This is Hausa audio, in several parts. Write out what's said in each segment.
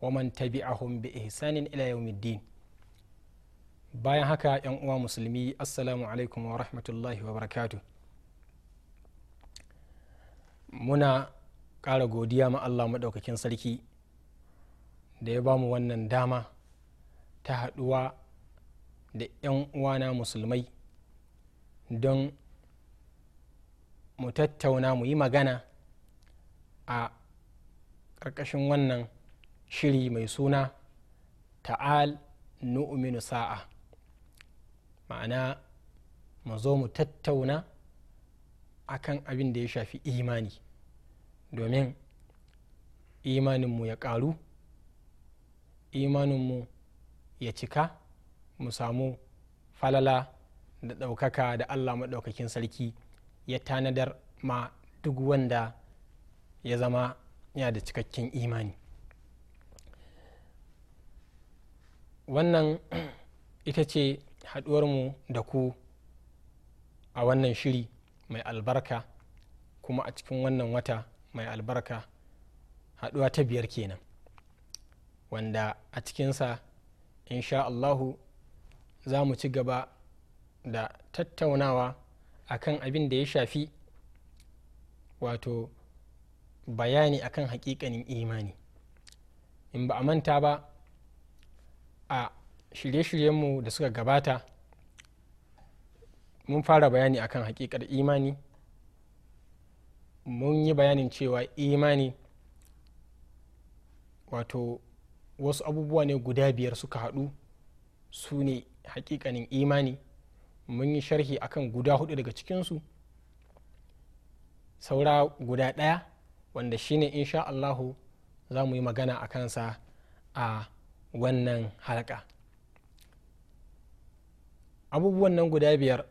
waman tabi'ahum bi ihsanin ila yawmiddin bayan haka yan uwa musulmi assalamu alaikum wa rahmatullahi wa barakatu muna ƙara godiya ma Allah maɗaukakin sarki da ya bamu wannan dama ta haɗuwa da 'yan uwana musulmai don mu tattauna mu yi magana a ƙarƙashin wannan shiri mai suna ta'al nu'minu sa'a ma'ana mu zo mu tattauna akan abin da ya shafi imani domin imaninmu ya ƙaru imaninmu ya cika mu samu falala da ɗaukaka da allah maɗaukakin sarki ya tanadar ma duk wanda ya zama ya da cikakken imani wannan ita ce mu da ku a wannan shiri mai albarka kuma a cikin wannan wata mai albarka haɗuwa ta biyar kenan wanda a cikinsa insha allahu za mu ci gaba da tattaunawa a kan abin da ya shafi wato bayani akan hakikanin imani in ba a manta ba a shirye-shiryenmu da suka gabata mun fara bayani akan hakikar imani mun yi bayanin cewa imani wato wasu abubuwa ne guda biyar suka haɗu su ne hakikanin imani mun yi sharhi akan guda hudu daga cikinsu saura guda ɗaya wanda shine insha Allahu za mu yi magana a kansa a wannan halka abubuwan nan guda biyar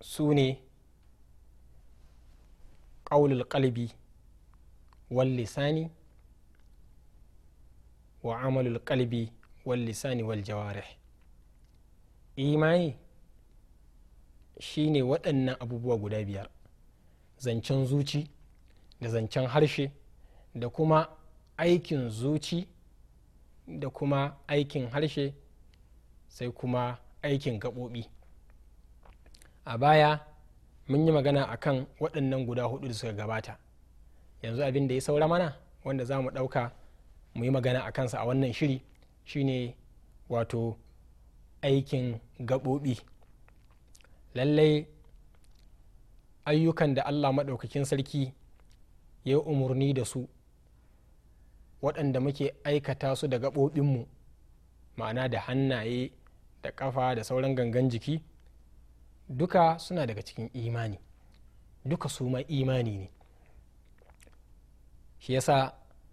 su ne ƙaulul ƙalbi wal lisani wa amalul ƙalbi wal lisani wal jawarih imani ne waɗannan abubuwa guda biyar zancen zuci da zancen harshe da kuma aikin zuci da kuma aikin harshe sai kuma aikin gaɓoɓi a baya mun yi magana a kan waɗannan guda hudu da suka gabata yanzu abin da ya saura mana wanda za mu ɗauka mu yi magana a kansa a wannan shiri shine wato aikin gaɓoɓi lallai ayyukan da allah maɗaukakin sarki ya yi umarni da su waɗanda muke aikata su da gaɓoɓinmu ma'ana da hannaye da ƙafa da sauran gangan jiki duka suna daga cikin imani duka su ma imani ne shi yasa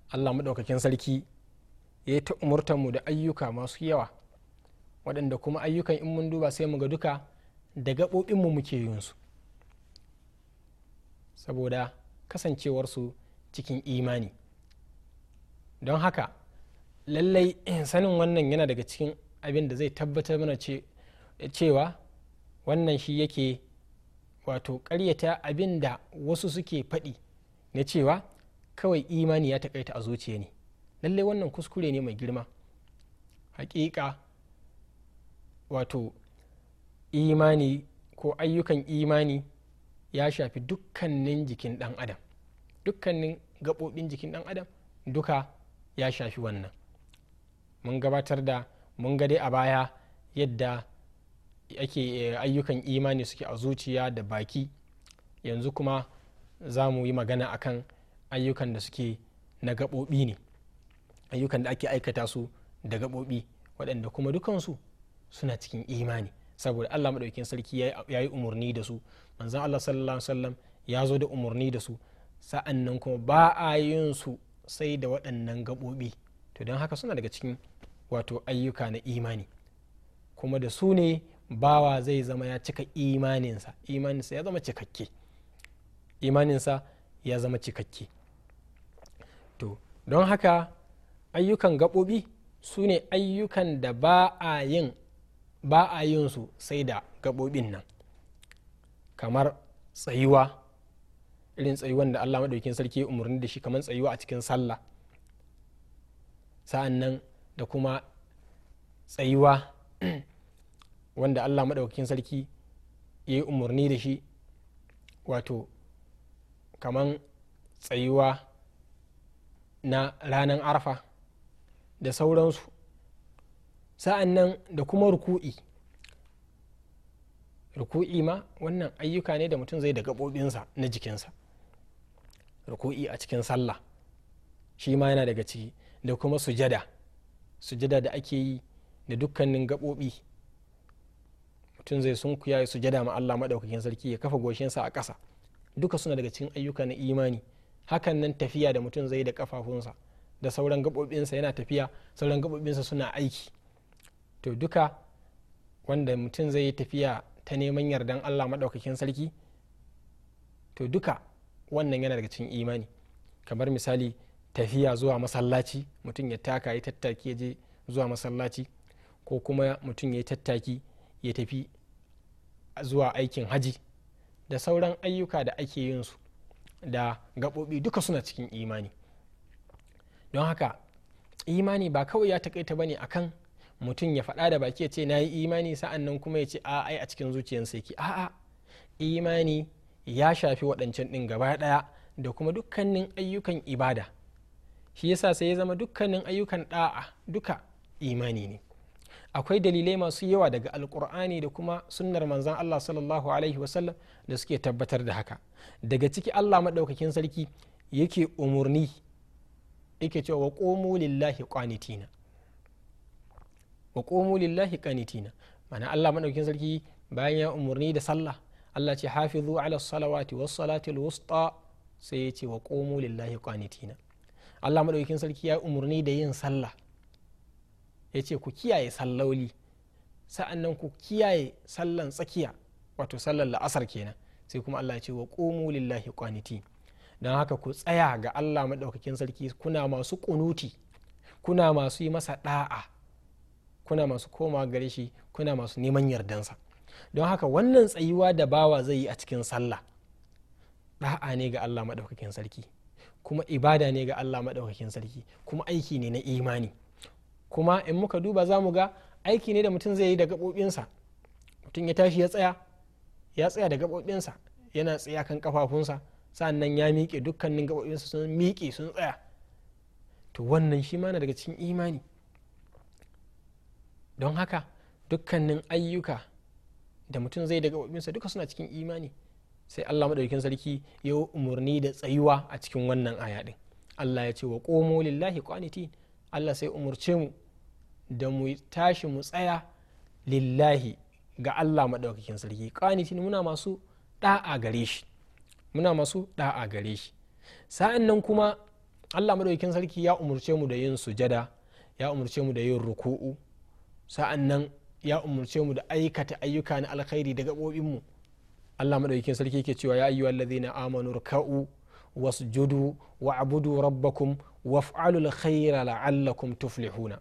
allah maɗaukakin sarki ya yi ta umurtanmu da ayyuka masu yawa waɗanda kuma ayyukan in mun duba sai mu ga duka da gaɓoɓinmu muke yin su saboda kasancewarsu cikin imani don haka lallai sanin wannan yana daga cikin abin da zai tabbatar mana cewa wannan shi yake wato karyata abin da wasu suke faɗi na cewa kawai imani ya taƙaita a zuciya ne lallai wannan kuskure ne mai girma hakika wato imani ko ayyukan imani ya shafi dukkanin jikin ɗan adam dukkanin gaɓoɓin jikin ɗan adam duka ya shafi wannan mun gabatar da mun ga dai a baya yadda ake eh, ayyukan imani suke a zuciya da baki yanzu kuma za mu yi magana akan ayyukan da suke na gaɓoɓi ne ayyukan da ake aikata su da gaɓoɓi waɗanda kuma dukansu suna cikin imani saboda allah maɗaukin sarki ya yi umarni da su manzan allah sallallahu alaihi wasallam ya zo da umarni da su sa'an nan kuma ba a yin su sai da waɗannan gaɓoɓi to don haka suna daga cikin wato ayyuka na imani kuma da su ne bawa zai zama ya cika imaninsa imaninsa ya zama cikakke imaninsa ya zama cikakke to don haka ayyukan gaɓoɓi su ne ayyukan da ba a yin ba su sai da gaɓoɓin nan kamar tsayuwa irin tsayuwan da allah maɗaukin sarki ya umarni da shi kamar tsayuwa a cikin sallah sa'an nan da kuma tsayuwa wanda allah maɗaukin sarki ya yi umarni da shi wato kamar tsayuwa na ranar arfa da sauransu sa'an nan da kuma ruku'i ruku'i ma wannan ayyuka ne da mutum zai da gaɓoɓinsa na jikinsa ruku'i a cikin sallah shi ma yana daga ciki da kuma sujada sujada da ake yi da dukkanin gabobi mutum zai sunkuya ya sujada ma Allah maɗaukakin sarki ya kafa goshinsa a ƙasa duka suna daga cikin ayyuka na imani hakan nan tafiya da mutum zai da kafafunsa da sauran gaɓoɓinsa yana tafiya sauran gaɓoɓinsa suna aiki to duka wanda mutum zai tafiya ta neman yardan Allah maɗaukakin sarki to duka wannan yana daga cikin imani kamar misali tafiya zuwa masallaci mutum ya taka ya tattaki ya je zuwa masallaci ko kuma mutum ya tattaki ya tafi zuwa aikin haji da sauran ayyuka da ake yin su da gaɓoɓi duka suna cikin imani don haka imani ba kawai ya takaita ne akan mutum ya faɗa da baki ya ce na yi imani sa'an nan kuma ya ce a ai a cikin zuciyarsa yake a'a imani ya shafi waɗancan ɗin gaba ɗaya da kuma dukkanin ayyukan ibada shi yasa sai ya zama dukkanin ayyukan ɗa'a duka imani ne akwai dalilai masu yawa daga alkur'ani da kuma sunnar manzan allah sallallahu alaihi wasallam da suke tabbatar da haka daga ciki allah maɗaukakin sarki yake umurni yake cewa wa ƙomo lillahi ƙwanitina wa ƙomo lillahi ƙwanitina mana allah maɗaukakin sarki bayan ya umurni da sallah Allah ce hafizu ala salawati wasu salatil wusta sai ya ce wa qumu lillahi kwanitina Allah maɗaukin sarki ya umarni da yin sallah ya ce ku kiyaye sallauli sa'annan ku kiyaye sallan tsakiya wato sallar la'asar kenan sai kuma Allah ya ce wa qumu lillahi kwaniti don haka ku tsaya ga Allah maɗaukakin sarki kuna masu kunuti kuna masu yi masa ɗa'a kuna masu koma gare shi kuna masu neman yardansa don haka wannan tsayuwa da bawa zai yi a cikin sallah da'a ne ga allah maɗaukakin sarki kuma ibada ne ga allah maɗaukakin sarki kuma aiki ne na imani kuma in muka duba za mu ga aiki ne da mutum zai yi da gaɓoɓinsa mutum ya tashi ya tsaya ya tsaya da gaɓoɓinsa yana tsaya kan kafafunsa sannan ya miƙe dukkanin gaɓoɓinsa sun miƙe sun tsaya to wannan shi ma na daga cikin imani don haka dukkanin ayyuka da mutum zai daga wabinsa duka suna cikin imani sai Allah maɗaukin sarki ya umarni da tsayuwa a cikin wannan aya din Allah ya ce wa komo lillahi qanitin Allah sai umurce mu da mu tashi mu tsaya lillahi ga Allah maɗaukin sarki qanitin muna masu ɗa'a gare shi muna masu da'a gare shi sa'an nan kuma Allah madaukakin sarki ya umurce mu da yin sujada ya umurce mu da yin ruku'u sa'an nan ya umurce mu da aikata ayyuka na alkhairi da gaɓoɓin Allah madaukakin sarki yake cewa ya ayyuhal ladzina amanu ruk'u wasjudu wa'budu rabbakum waf'alul alkhaira la'allakum tuflihuna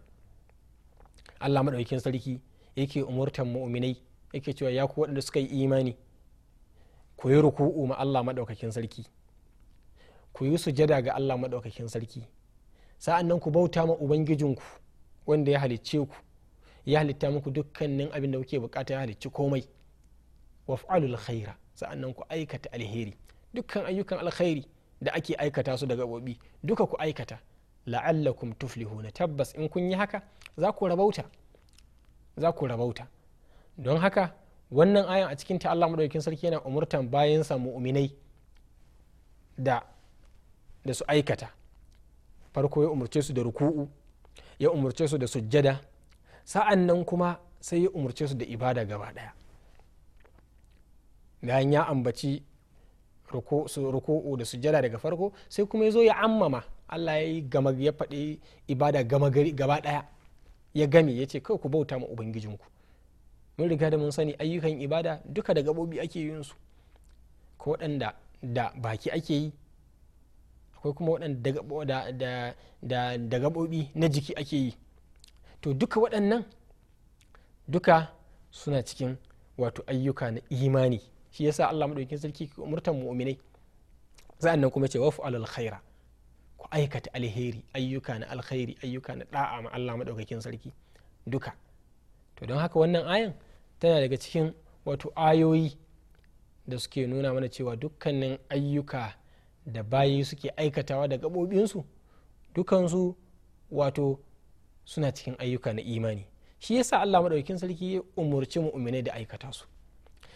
Allah madaukakin sarki yake umurtan mu'minai yake cewa ya ku waɗanda suka yi imani ku yi ruku'u ma Allah madaukakin sarki ku yi sujada ga Allah madaukakin sarki sa'an nan ku bauta ma ubangijinku wanda ya halicce ku ya halitta muku dukkanin abin da kuke bukata ya halicci komai waf'alul khaira sa'annan ku aikata alheri dukkan ayyukan alkhairi da ake aikata su daga gobi duka ku aikata la'allakum tuflihuna tabbas in kun yi haka za ku rabauta za ku rabauta don haka wannan ayan a cikin ta Allah madaukakin sarki yana umurtan sa mu'minai da da su aikata farko ya umurce su da ruku'u ya umurce su da sujjada sa'an nan kuma sai ya umarce su da ibada gaba daya bayan ya ambaci ruku'u da sujada daga farko sai kuma ya zo ya ammama allah ya yi ya faɗi ibada gama gari gaba daya ya gami ya ce kawai ku bauta ma ubangijinku mun riga da mun sani ayyukan ibada duka da gabobi ake yin su ko waɗanda da baki ake yi akwai kuma waɗanda da gabobi na jiki ake yi to duka waɗannan duka suna cikin wato ayyuka na imani shi yasa Allah maɗaukin sarki ke mu'minai za'an nan kuma ce wafu alal khaira ku aikata alheri ayyuka na alkhairi ayyuka na da'a ma Allah maɗaukakin sarki duka to don haka wannan ayan tana daga cikin wato ayoyi da suke nuna mana cewa dukkanin ayyuka da bayi suke aikatawa da gaɓoɓinsu dukansu wato suna cikin ayyuka na imani shi yasa Allah maɗaukin sarki ya umurci mu'minai da aikata su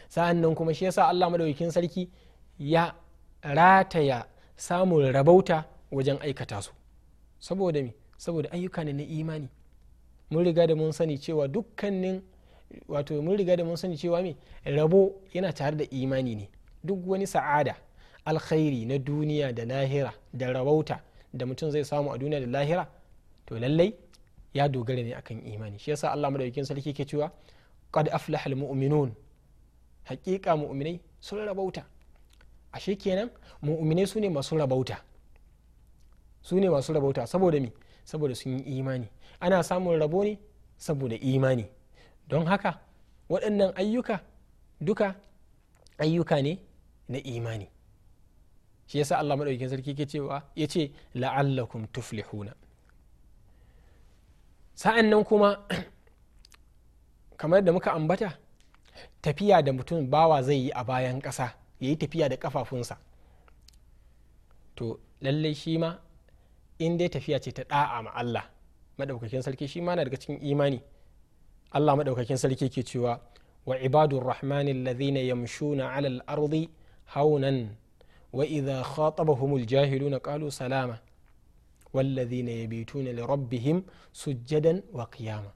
sa'an nan kuma shi yasa Allah madaukakin sarki ya rataya samun rabauta wajen aikata su saboda me saboda ayyuka ne na imani mun riga da mun sani cewa dukkanin wato mun riga da mun sani cewa me rabo yana tare da imani ne duk wani sa'ada alkhairi na duniya da lahira da rabauta da mutum zai samu a duniya da lahira to lallai ya dogara ne akan imani shi yasa Allah madaukakin sarki ke cewa qad aflahal mu'minun haqiqa mu'minai sun rabauta ashe kenan mu'minai sune masu rabauta sune masu rabauta saboda me saboda sun yi imani ana samun rabo ne saboda imani don haka waɗannan ayyuka duka ayyuka ne na imani shi yasa Allah madaukakin sarki ke cewa yace la'allakum tuflihuna sa'an nan kuma kamar da muka ambata tafiya da mutum bawa zai yi a bayan ƙasa ya yi tafiya da ƙafafunsa to lallai shi ma in dai tafiya ce ta ɗa'a ma Allah maɗaukakin sarki shi ma na daga cikin imani Allah maɗaukakin sarki ke cewa wa ibadun rahmani alladhina yamshuna alal arzi haunan wa idha khatabahumul jahiluna qalu salama wallazina yabituna li rabbihim sujjadan wa qiyama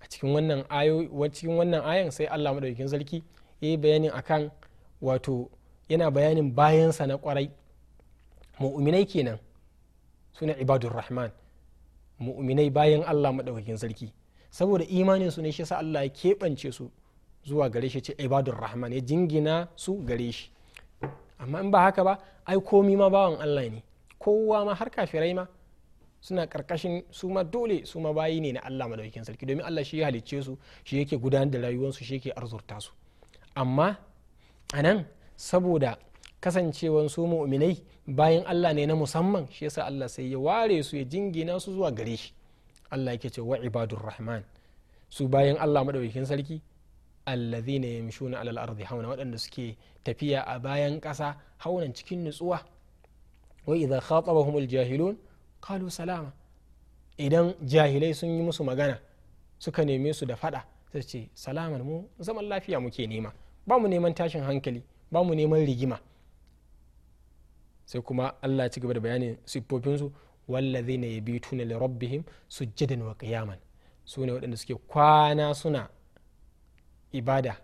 a cikin wannan ayo cikin wannan ayan sai Allah madaukakin sarki yayi bayanin akan wato yana bayanin bayansa na kwarai mu'minai kenan suna ibadur rahman mu'minai bayan Allah madaukakin sarki saboda imanin su ne shi sa Allah ya keɓance su zuwa gare shi ce ibadur rahman ya jingina su gare shi amma in ba haka ba ai komi ma bawan Allah ne kowa ma har kafirai ma suna karkashin su ma dole su ma bayi ne na Allah madaukakin sarki domin Allah shi ya halicce su shi yake gudanar da rayuwarsu shi yake arzurta su amma anan saboda kasancewan su mu'minai bayan Allah ne na musamman shi yasa Allah sai ya ware su ya jingina su zuwa gare shi Allah yake ce wa ibadur rahman su bayan Allah madaukakin sarki allazina yamshuna alal ardi hauna waɗanda suke tafiya a bayan ƙasa haunan cikin nutsuwa wa idza khatabahum aljahilun qalu salama idan jahilai sun yi musu magana suka neme su da faɗa sai ce salaman mu zaman lafiya muke nema ba mu neman tashin hankali ba mu neman rigima sai kuma Allah ya ci gaba da bayanin siffofinsu wallazina yabituna li rabbihim sujjadan wa qiyaman su ne waɗanda suke kwana suna ibada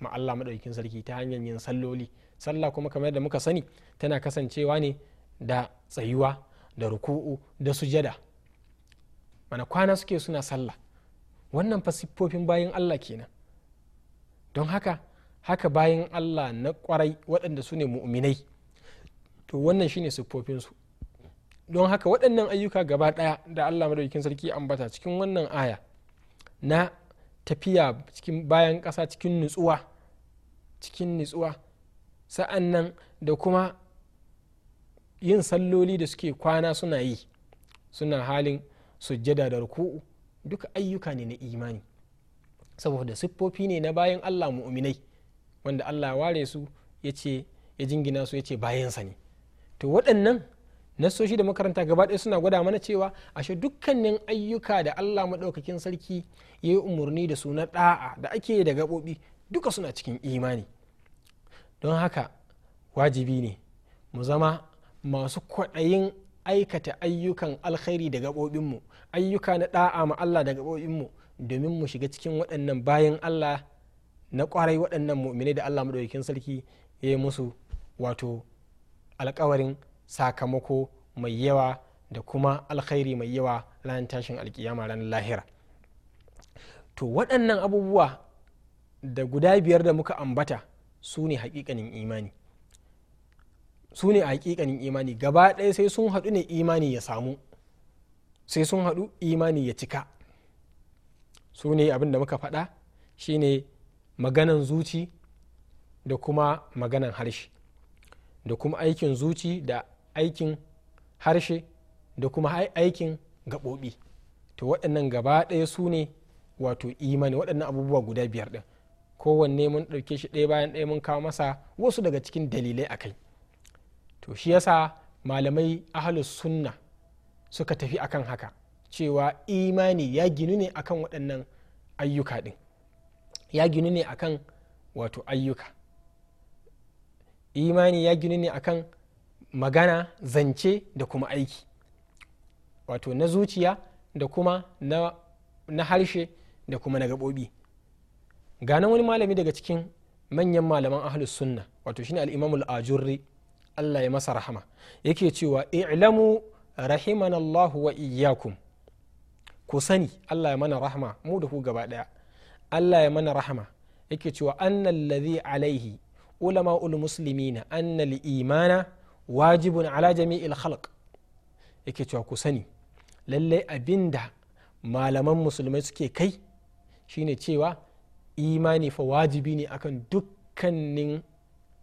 ma maɗaukin sarki ta hanyar yin salloli sallah kuma kamar da muka sani tana kasancewa ne da tsayuwa da ruku'u da sujada mana kwana suke suna sallah wannan fa siffofin bayan allah kenan don haka haka bayan allah na kwarai waɗanda su ne mu'minai to wannan shine siffofinsu don haka waɗannan ayyuka gaba ɗaya da allah madaukin sarki ambata cikin wannan aya na tafiya cikin bayan ƙasa cikin nutsuwa cikin nutsuwa sa'an nan da kuma yin salloli da suke kwana suna yi suna halin sujjada da ruku'u duka ayyuka ne na imani saboda siffofi ne na bayan allah mu'minai wanda allah ware su ya ce ya jingina su ya ce bayansa ne to waɗannan nassoshi da makaranta gaba ɗaya suna gwada mana cewa ashe dukkanin ayyuka da allah maɗaukakin sarki ya yi umarni da su na ɗa'a da ake da gaɓoɓi duka suna cikin imani don haka wajibi ne mu zama masu kwaɗayin aikata ayyukan alkhairi da gaɓoɓinmu ayyuka na ɗa'a ma Allah da gaɓoɓinmu domin mu shiga cikin waɗannan bayan Allah na ƙwarai waɗannan mu'minai da Allah maɗaukakin sarki ya yi musu wato alkawarin sakamako mai yawa da kuma alkhairi mai yawa ranar tashin alkiyama ranar lahira to waɗannan abubuwa da guda biyar da muka ambata su ne hakikanin imani su ne a hakikanin imani gaba ɗaya sai sun haɗu ne imani ya samu sai sun haɗu imani ya cika su ne abin da muka faɗa shine maganan zuci da kuma maganan harshe da kuma aikin zuci da aikin harshe da kuma aikin gaɓoɓi to waɗannan gaba ɗaya su ne wato imani waɗannan abubuwa guda biyar ɗin kowanne mun ɗauke shi ɗaya bayan ɗaya mun kawo masa wasu daga cikin dalilai a kai to shi yasa malamai ahalus sunna suka tafi akan haka cewa imani ya ginu ne akan waɗannan ayyuka ɗin ya ginu ne akan wato ayyuka imani ya ginu ne akan magana zance da kuma aiki wato na zuciya da kuma na, harshe da kuma na gaɓoɓi ganin wani malami daga cikin manyan malaman ahlus sunna wato shine alimamul ajurri allah ya masa rahama yake cewa i'lamu rahimanallahu wa iyyakum ku sani allah ya mana rahama mu da ku gaba daya allah ya mana rahama yake cewa annal ladhi alaihi ulama ul muslimina annal imana wajibun ala jami'il khalq yake cewa ku sani lallai abinda malaman musulmai suke kai shine cewa imani fa wajibi ne akan dukkanin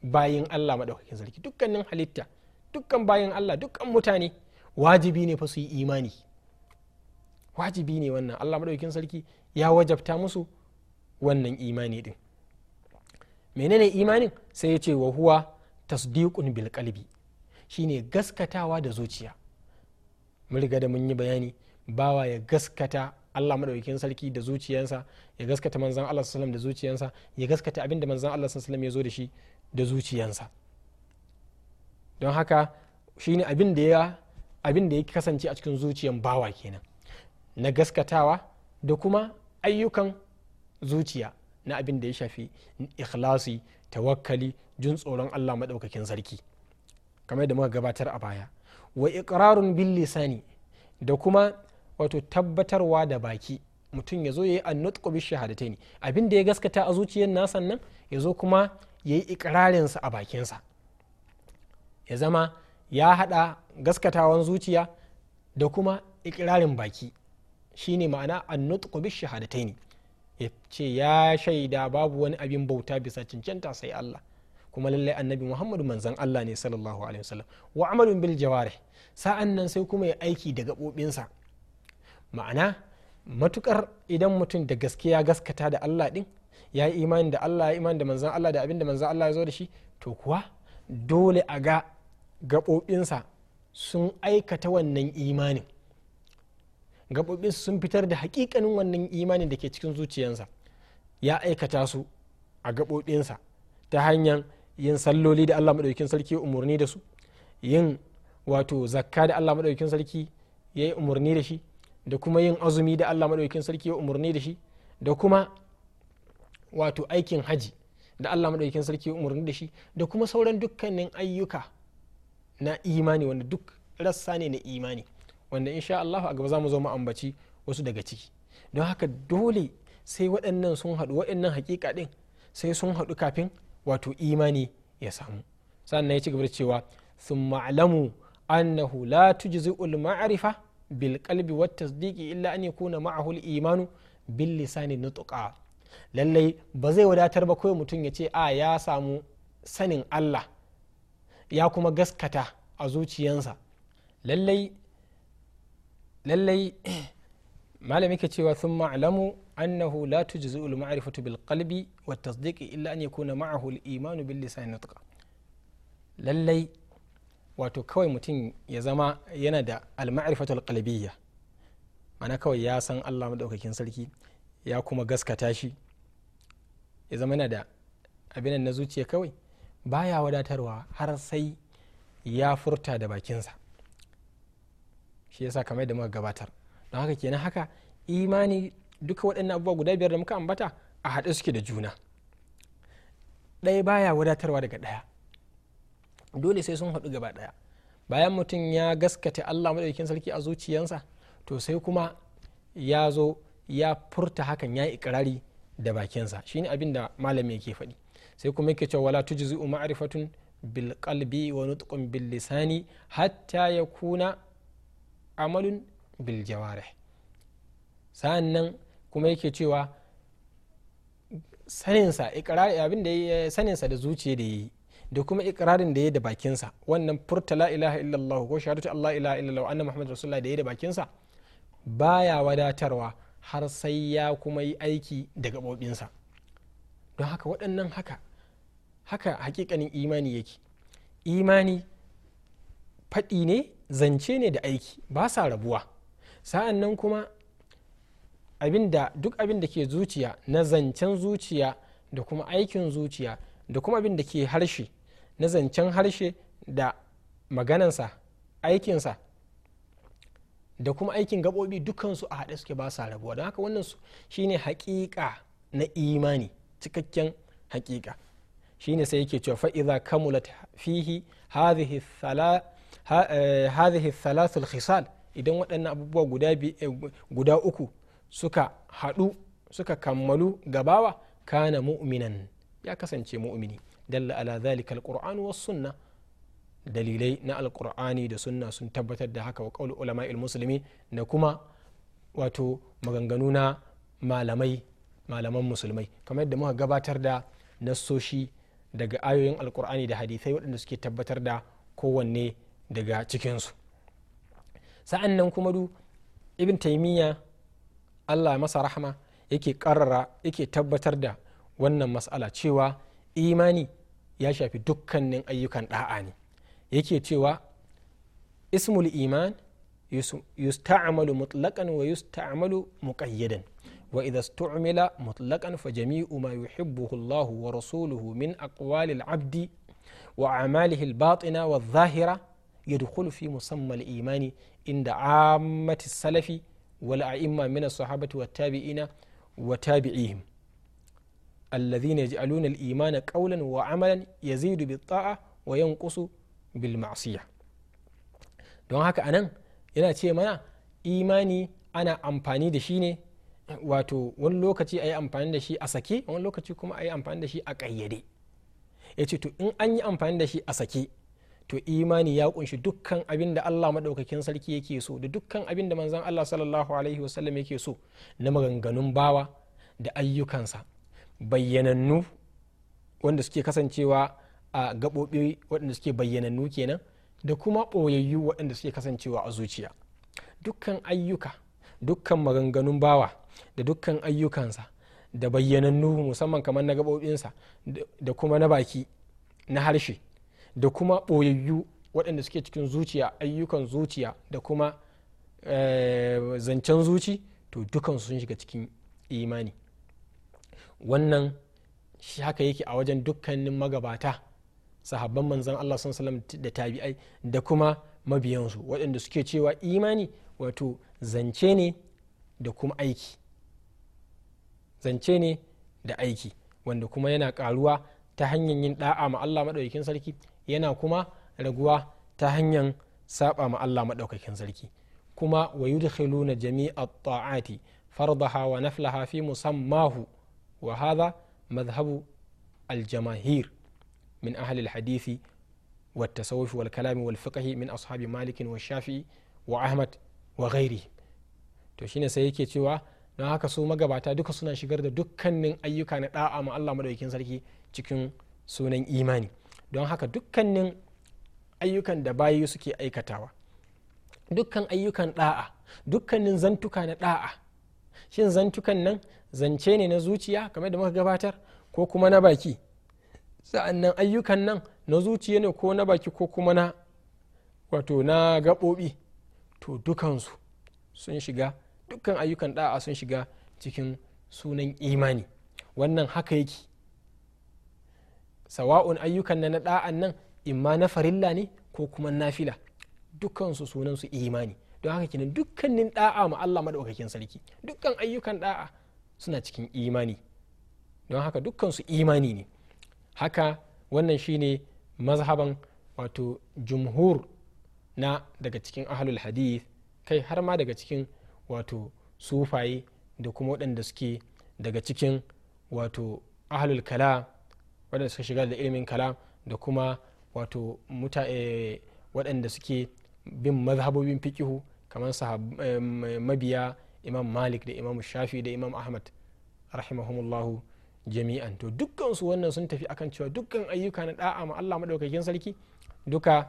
bayin Allah maɗaukakin sarki dukkanin halitta dukkan bayin Allah dukkan mutane wajibi ne fa su yi imani wajibi ne wannan Allah maɗaukakin sarki ya wajabta musu wannan imani din menene imanin sai ya ce wa huwa tasdiqun bil qalbi shine gaskatawa da zuciya mun riga da mun yi bayani bawa ya gaskata Allah madaukakin sarki da zuciyansa ya gaskata manzan Allah sallallahu sallam da zuciyansa ya gaskata abinda da manzan Allah sallam ya zo da shi da zuciyansa don haka shi ne abin da ya kasance a cikin zuciyan bawa kenan na gaskatawa da kuma ayyukan zuciya na abin da ya shafi ikhlasi tawakkali jin tsoron allah maɗaukakin sarki kamar da muka gabatar a baya wa ikrarun bin lisani da kuma wato tabbatarwa da baki mutum ya zo ya yi annutqu bi ne abin da ya gaskata a zuciyar nasan nan ya zo kuma ya yi ikirarinsa a bakinsa ya zama ya haɗa gaskatawan zuciya da kuma ikirarin baki shine ma'ana annutqu bi shahadataini ya ce ya shaida babu wani abin bauta bisa cancanta sai Allah kuma lallai annabi Muhammadu manzon Allah ne sallallahu alaihi wasallam wa amalun bil sa'an nan sai kuma ya aiki da gaɓoɓinsa ma'ana matukar idan mutum da gaskiya gaskata da Allah din ya yi imani da Allah ya imani da manzan Allah da abin da manzan Allah ya zo da shi to kuwa dole a ga gaɓoɓinsa sun aikata wannan imanin gaɓoɓinsa sun fitar da hakikanin wannan imanin da ke cikin zuciyansa ya aikata su a gaɓoɓinsa ta hanyar yin salloli da allah maɗaukin sarki umarni da su yin wato zakka da allah maɗaukin sarki ya yi umarni da shi da kuma yin azumi da allah maɗaukin sarki ya umarni da shi da kuma wato aikin haji da allah maɗaukin sarki umarni da shi da kuma sauran dukkanin ayyuka na imani wanda duk rassa ne na imani wanda insha allahu a gaba za mu zo mu ambaci wasu daga ciki don haka dole sai waɗannan sun haɗu waɗannan hakika ɗin sai sun haɗu kafin wato imani ya samu sannan ya ci gaba da cewa sun ma'alamu annahu la tujzi'ul ma'rifa bil qalbi wat tasdiqi illa an yakuna ma'ahu al imanu bil lisani nutqa lallai ba zai wadatar ba kawai mutum ya ce a ya samu sanin allah ya kuma gaskata a zuciyansa lallai lallai malami ke cewa sun ma'alamu annahu la tujzi al ma'rifatu bil qalbi wa tasdiqi illa an yakuna ma'ahu al imanu bil lisan nutqa lallai wato kawai mutum ya zama yana da al ma'rifatu al qalbiyya ma'ana kawai ya san Allah madaukakin sarki ya kuma gaskata shi ya zama na da abin na zuciya kawai baya wadatarwa har sai ya furta da bakinsa shi yasa kamar da muka gabatar don haka kenan haka imani duka waɗannan abubuwa guda biyar da muka ambata a haɗe suke da juna ɗaya baya wadatarwa daga ɗaya dole sai sun haɗu gaba ɗaya bayan mutum ya gaskata allah maɗaukin sarki a zuciyarsa to sai kuma ya zo ya furta hakan ya yi ikirari da bakinsa shine abin da malami yake faɗi sai kuma yake cewa wala tujzi'u ma'rifatun bil qalbi wa nutqun bil lisani hatta yakuna amalun bil jawarih nan kuma yake cewa saninsa iqrari abin da saninsa da zuciya da yi da kuma ikirarin da ya da bakinsa wannan furta la ilaha illallah ko shahadatu allah ilaha illallah anna muhammad rasulullah da ya da bakinsa baya wadatarwa har sai ya kuma yi aiki da gaɓoɓinsa don haka waɗannan haka haka hakikanin imani yake imani faɗi ne zance ne da aiki ba sa rabuwa sa'an nan kuma abinda duk abin da ke zuciya na zancen zuciya da kuma aikin zuciya da kuma abin da ke harshe na zancen harshe da maganansa aikinsa da kuma aikin gabobi dukansu a haɗe suke ba sa rabuwa don haka wannan su shine haƙiƙa na imani cikakken haƙiƙa shine sai yake cewa fa'iza kamulat fihi hadhihi eh, thalathul khisal idan waɗannan abubuwa eh, guda uku suka haɗu suka kammalu gabawa kana mu'minan ya kasance mu'mini dalla ala dhalika alquran was sunna dalilai na alkur'ani da sunna sun tabbatar da haka wa ulama musulmi na kuma wato maganganu na malamai malaman musulmai kamar yadda muka gabatar da nassoshi daga ayoyin alkur'ani da hadisai waɗanda suke tabbatar da kowanne daga cikinsu sa'an nan kuma du ibn taimiyya allah masa rahama yake karara yake tabbatar da wannan mas'ala cewa imani ya shafi dukkanin ayyukan ɗa'a ne yake cewa ismul iman yusta'malu mutlaqan wa yusta'malu muqayyadan wa idha istu'mila mutlaqan fa jami'u ma yuhibbuhu Allah wa rasuluhu min aqwali al-'abdi wa a'malihi al-batina wa adh-dhahira yadkhulu fi musamma imani inda 'ammati salafi wal a'imma mina as-sahabati tabiina wa tabi'ihim alladhina yaj'aluna al-imana qawlan wa 'amalan yazidu bit-ta'a wa yanqusu bil don haka anan yana ce mana imani ana amfani da shi ne wato wani lokaci a yi amfani da shi a sake wani lokaci kuma a yi amfani da shi a ƙayyade ya ce to in an yi amfani da shi a sake to imani ya kunshi dukkan abin da Allah maɗaukakin sarki yake so da dukkan abin da manzan Allah sallallahu alaihi wasallam yake so na maganganun bawa da ayyukansa bayyanannu wanda suke kasancewa a gaɓoɓi waɗanda suke bayyanannu kenan da kuma ɓoyayyu waɗanda suke kasancewa a zuciya dukkan ayyuka dukkan maganganun bawa da dukkan ayyukansa da bayyanannu musamman kamar na gaɓoɓinsa da kuma na baki na harshe da kuma ɓoyayyu waɗanda suke cikin zuciya ayyukan zuciya da kuma eh, zancen zuci to dukan sun shiga cikin imani wannan shi haka yake a wajen dukkanin magabata sahabban manzan Allah sallallahu da tabi'ai da kuma mabiyansu waɗanda suke cewa imani wato zance ne da kuma aiki zance ne da aiki wanda kuma yana karuwa ta hanyar yin da'a ma Allah maɗaukakin sarki yana kuma raguwa ta hanyar saba ma Allah maɗaukakin sarki kuma wa na jami'a ta'ati fardaha wa naflaha fi musammahu wa hadha madhhabu al-jamahir min أهل الحديث والتصوف والكلام wal من أصحاب مالك min ashabi وغيره wa shafi'i wa ahmad wa to shine sai yake cewa don haka su magabata duka suna shigar da dukkanin ayyuka na da'a ma Allah madaukakin sarki cikin sunan imani don haka dukkanin ayyukan da bayi suke aikatawa dukkan ayyukan da'a dukkanin zantuka na da'a shin zantukan nan zance ne na zuciya kamar da muka gabatar ko kuma na baki sa'annan ayyukan nan na zuciya ne ko na baki ko kuma na wato na gaɓoɓi to dukansu sun shiga dukkan ayyukan ɗa'a sun shiga cikin sunan imani wannan haka yake sawa'un ayyukan na da'an nan imma na farilla ne ko kuma nafila dukansu sunan su imani don haka kenan dukkanin ɗa'a ma Allah madaukakin sarki dukkan ayyukan ɗa'a suna cikin imani don haka dukkan imani ne haka wannan shine mazhaban wato jumhur na daga cikin ahlul hadith kai har ma daga cikin wato sufaye da kuma waɗanda suke daga cikin wato ahlul kala waɗanda suka shiga da ilimin kala da kuma wato eh, waɗanda suke bin mazhabobin fikihu kamar eh, mabiya imam malik da imam shafi da imam ahmad rahimahumullahu jami'an to dukkan su wannan sun tafi akan cewa dukkan ayyuka na da'a ma Allah madaukakin sarki duka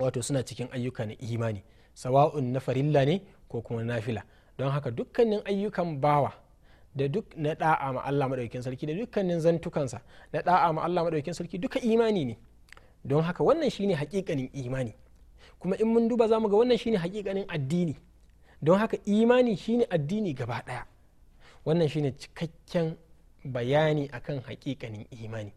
wato suna cikin ayyuka na imani sawa'un na farilla ne ko kuma nafila don haka dukkanin ayyukan bawa da duk na da'a ma Allah madaukakin sarki da dukkanin zantukansa na da'a ma Allah madaukakin sarki duka imani ne don haka wannan shine hakikanin imani kuma in mun duba zamu ga wannan shine hakikanin addini don haka imani shine addini gaba daya wannan shine cikakken bayani akan hakikanin imani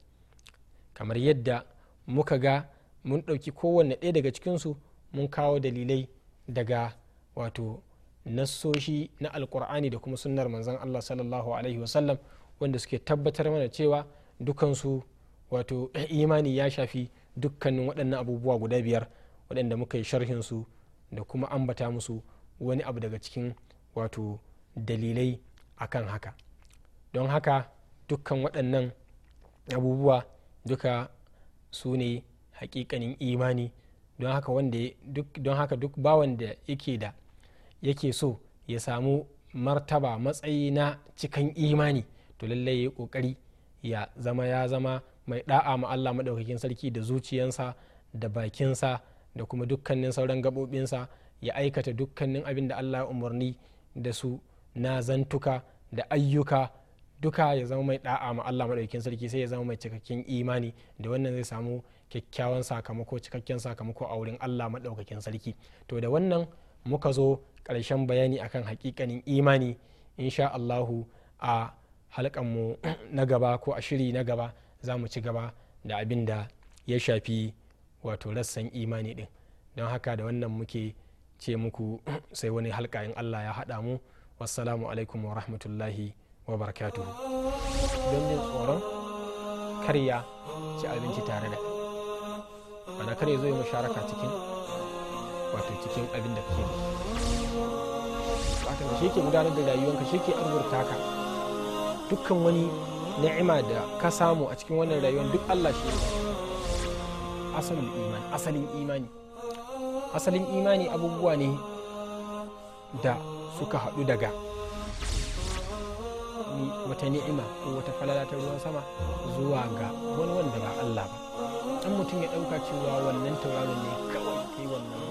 kamar yadda muka ga mun ɗauki kowanne ɗaya daga cikinsu mun kawo dalilai daga wato nassoshi na alkur'ani da kuma sunnar manzan allah sallallahu alaihi wasallam wanda suke tabbatar mana cewa dukansu wato imani ya shafi dukkanin waɗannan abubuwa guda biyar waɗanda muka yi sharhinsu da kuma ambata musu wani abu daga cikin wato dalilai akan haka don haka dukkan waɗannan abubuwa duka su ne hakikanin imani don haka wanda duk don haka duk bawan da yake da yake so ya samu martaba matsayi na cikan imani to lallai ya kokari ya zama ya zama mai da'a ma Allah madaukakin sarki da zuciyansa da bakinsa da kuma dukkanin sauran gaɓoɓinsa ya aikata dukkanin abin da Allah ya umarni da su na zantuka da ayyuka duka ya zama mai da'a ma Allah madaukakin sarki sai ya zama mai cikakken imani da wannan zai samu kyakkyawan sakamako cikakken sakamako a wurin Allah madaukakin sarki to da wannan muka zo karshen bayani akan hakikanin imani insha Allahu a mu na gaba ko a shiri na gaba za mu ci gaba da abin da ya shafi wato rassan imani din don haka da wannan muke ce muku sai wani halka in Allah ya haɗa mu wassalamu alaikum wa rahmatullahi wa barakatuhu don jin tsoron karya ci abinci tare da kai mana kar ya zo ya musharaka cikin wato cikin abin da kake wato shi ke gudanar da rayuwanka shi ke arzurta ka dukkan wani ni'ima da ka samu a cikin wannan rayuwar duk Allah shi asalin imani asalin imani asalin imani abubuwa ne da suka haɗu daga wata ni'ima ko wata falala ta ruwan sama zuwa ga wani wanda ba Allah ba Dan mutum ya ɗauka cewa wannan tauraron ne kawai ke wannan